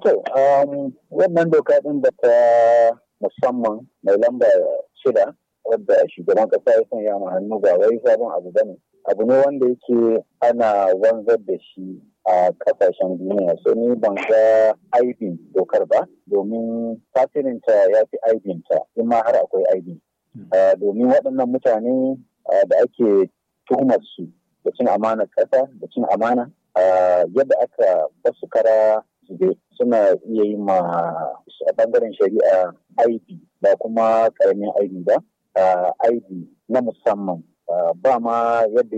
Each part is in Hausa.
um, wannan doka ɗin da ta musamman mai lamba shida wadda shugaban ƙasa ya sanya ma hannu ba wai sabon abu ba ne. Abu ne wanda yake ana wanzar da shi a ƙasashen duniya. So ni ban ga aibin dokar ba domin tasirinta ya fi aibinta in ma har akwai aibi. Hmm. Uh, domin waɗannan mutane uh, da ake tuhumar su da cin amanar ƙasa da cin amana uh, yadda aka basu kara suna iya yi ma a bangaren shari'a ID ba kuma karamin ID ba ID na musamman ba ma yadda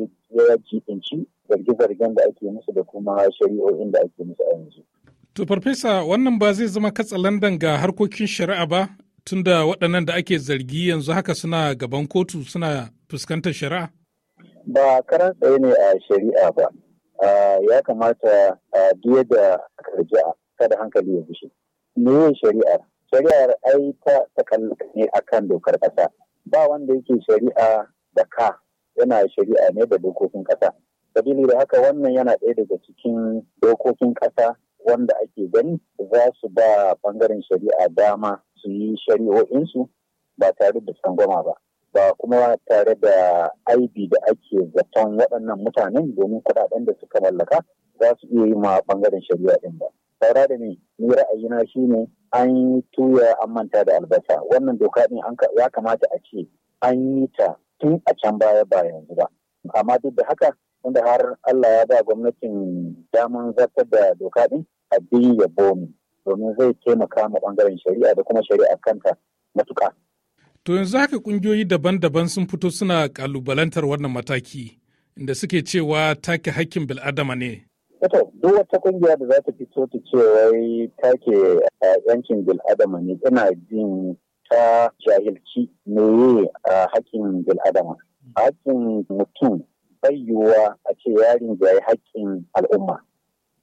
ya jiɗinci zarge-zargen da ake musu da kuma shari'o'in da ake musu a yanzu. To farfesa wannan ba zai zama katsalandan ga harkokin shari'a ba tunda waɗannan da ake zargi yanzu haka suna gaban kotu suna fuskantar shari'a? Ba karan tsaye ne a shari'a ba. Eh, ya kamata biye eh, da karja kada hankali ya bushe me shari'ar shari'ar ai ta takallaka ne akan dokar ƙasa ba wanda yake shari'a da ka yana shari'a ne da dokokin ƙasa sabili da haka wannan yana ɗaya daga cikin dokokin ƙasa wanda ake gani za su ba bangaren shari'a dama su yi shari'o'insu ba tare da tsangwama ba ba kuma tare da aibi da ake zaton waɗannan mutanen domin kuɗaɗen da suka mallaka za su iya yi ma ɓangaren shari'a ɗin ba. Saura da ni, ni ra'ayina shi ne an yi tuya an manta da albasa. Wannan doka ɗin ya kamata a ce an yi ta tun a can baya ba yanzu ba. Amma duk da haka, inda har Allah ya ba gwamnatin daman zartar da doka ɗin, abin yabo bomi. domin zai taimaka ma ɓangaren shari'a da kuma shari'a kanta matuƙa. To yanzu haka kungiyoyi daban-daban sun fito suna kalubalantar wannan mataki inda suke cewa take hakkin bil'adama ne. Wato duk wata kungiya da za ta fito ta ce wai take yankin eh, bil'adama ne tana jin ta jahilci meye a eh, hakkin bil'adama. Hakkin mutum bai yiwuwa a ce yarin da ya hakkin al'umma.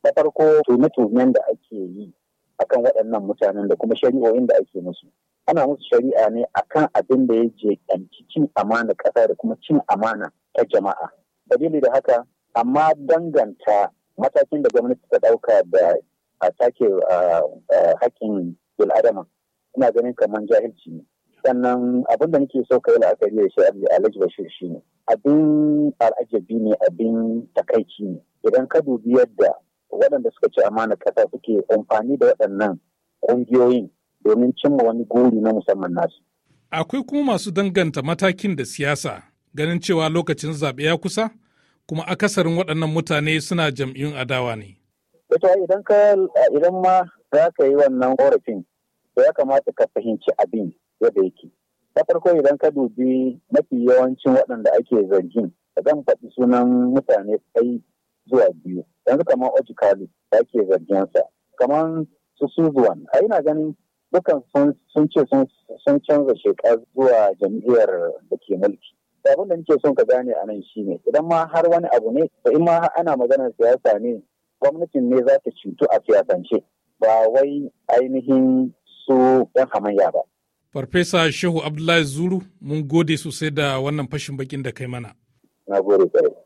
Na farko tume-tumen da ake yi akan waɗannan mutanen da kuma shari'o'in da ake musu. ana musu shari'a ne akan abin da ya je jeƙanci cin amana ƙasa da kuma cin amana ta jama'a dalili da haka amma danganta matakin da gwamnati ta ɗauka da a sake haƙƙin bil'adama ina ganin kamar jahilci ne sannan abin da nake so kai la'akari da shi alhaji bashir shi ne abin al'ajabi ne abin takaici ne idan ka dubi yadda waɗanda suka ci amana ƙasa suke amfani da waɗannan ƙungiyoyin domin cimma wani guri na musamman nasu. Akwai kuma masu danganta matakin da siyasa ganin cewa lokacin zaɓe ya kusa kuma akasarin waɗannan mutane suna jam'iyyun adawa ne. Ita idan ka idan ma za ka yi wannan ƙorafin to ya kamata ka fahimci abin yadda yake. Ta farko idan ka dubi mafi yawancin waɗanda ake zargin zan faɗi sunan mutane sai zuwa biyu yanzu kamar ojikali da ake zarginsa kamar su suzuwan a ina ganin dukan sun ce sun canza shekar zuwa jam'iyyar da ke mulki abin da nake son ka gane a nan shi ne idan ma har wani abu ne da in ma ana maganar siyasa ne gwamnatin ne za ta cutu a siyasance ba wai ainihin su yan hamayya ba farfesa shehu abdullahi zuru mun gode sosai da wannan fashin bakin da kai mana na gode